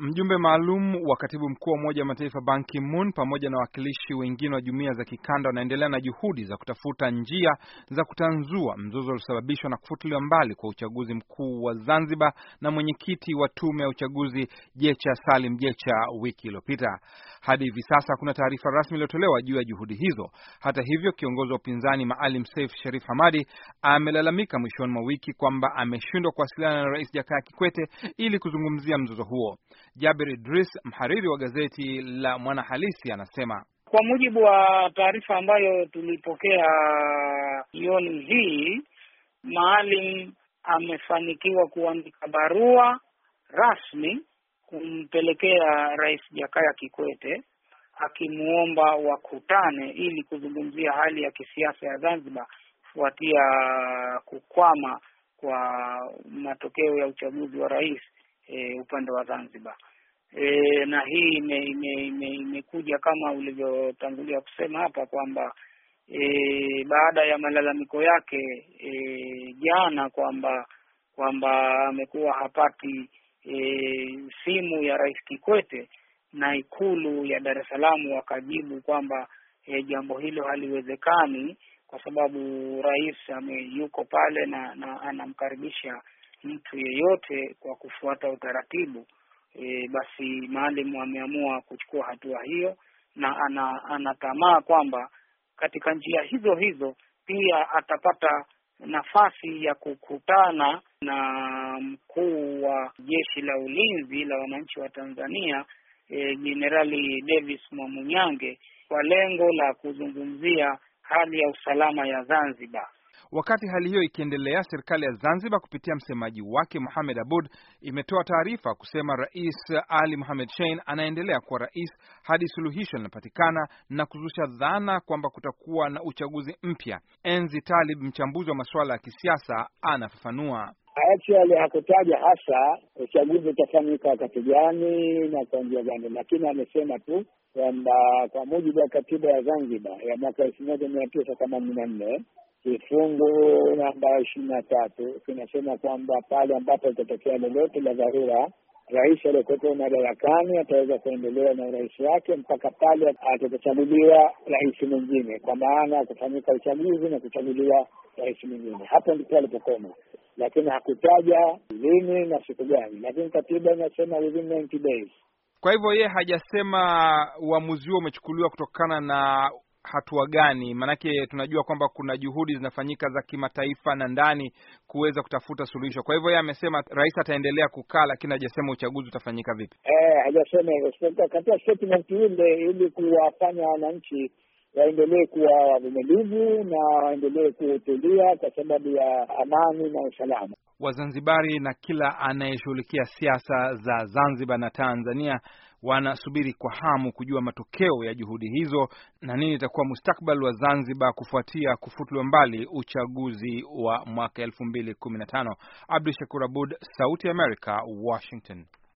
Mjumbe maalum wa katibu mkuu wa Umoja wa Mataifa Ban Ki-moon pamoja na wawakilishi wengine wa jumuiya za kikanda wanaendelea na juhudi za kutafuta njia za kutanzua mzozo uliosababishwa na kufutiliwa mbali kwa uchaguzi mkuu wa Zanzibar na mwenyekiti wa tume ya uchaguzi Jecha Salim Jecha wiki iliyopita. Hadi hivi sasa hakuna taarifa rasmi iliyotolewa juu ya juhudi hizo. Hata hivyo, kiongozi wa upinzani Maalim Seif Sharif Hamadi amelalamika mwishoni mwa wiki kwamba ameshindwa kuwasiliana na Rais Jakaya Kikwete ili kuzungumzia mzozo huo. Jabir Idris, mhariri wa gazeti la Mwanahalisi, anasema kwa mujibu wa taarifa ambayo tulipokea uh, jioni hii, Maalim amefanikiwa kuandika barua rasmi kumpelekea Rais Jakaya Kikwete akimwomba wakutane ili kuzungumzia hali ya kisiasa ya Zanzibar kufuatia uh, kukwama kwa matokeo ya uchaguzi wa rais e, upande wa Zanzibar e, na hii imekuja ime, ime, ime kama ulivyotangulia kusema hapa kwamba e, baada ya malalamiko yake e, jana kwamba kwamba amekuwa hapati e, simu ya Rais Kikwete na Ikulu ya Dar es Salaam wakajibu kwamba e, jambo hilo haliwezekani kwa sababu rais ameyuko yuko pale na, na anamkaribisha mtu yeyote kwa kufuata utaratibu e, basi maalimu ameamua kuchukua hatua hiyo, na ana, anatamaa kwamba katika njia hizo hizo pia atapata nafasi ya kukutana na mkuu wa jeshi la ulinzi la wananchi wa Tanzania Jenerali e, Davis Mwamunyange kwa lengo la kuzungumzia hali ya usalama ya Zanzibar. Wakati hali hiyo ikiendelea, serikali ya Zanzibar kupitia msemaji wake muhamed Abud imetoa taarifa kusema Rais Ali muhamed Shein anaendelea kuwa rais hadi suluhisho linapatikana, na kuzusha dhana kwamba kutakuwa na uchaguzi mpya. Enzi Talib, mchambuzi wa masuala ya kisiasa, anafafanua. Actually hakutaja hasa uchaguzi utafanyika wakati gani na kwa njia gani, lakini amesema tu kwamba kwa mujibu wa katiba ya Zanzibar ya mwaka elfu moja mia tisa themanini na nne kifungu namba ishirini na tatu kinasema kwamba pale ambapo itatokea lolote la dharura, rais aliyekuwepo madarakani ataweza kuendelea na urais wake mpaka pale atakachaguliwa rais mwingine, kwa maana kufanyika uchaguzi na kuchaguliwa rais mwingine. Hapo ndipo alipokoma, lakini hakutaja lini na siku gani, lakini katiba inasema within days. Kwa hivyo yeye hajasema uamuzi huo umechukuliwa kutokana na hatua gani? Maanake tunajua kwamba kuna juhudi zinafanyika za kimataifa na ndani kuweza kutafuta suluhisho. Kwa hivyo yeye amesema rais ataendelea kukaa, lakini hajasema uchaguzi utafanyika vipi. Eh, hajasema hivyo katika statement ile, ili kuwafanya wananchi waendelee kuwa wavumilivu na waendelee kutulia kwa sababu ya amani na usalama. Wazanzibari na kila anayeshughulikia siasa za Zanzibar na Tanzania wanasubiri kwa hamu kujua matokeo ya juhudi hizo na nini itakuwa mustakbal wa Zanzibar kufuatia kufutuliwa mbali uchaguzi wa mwaka elfu mbili kumi na tano. Abdu Shakur Abud, Sauti ya amerika Washington.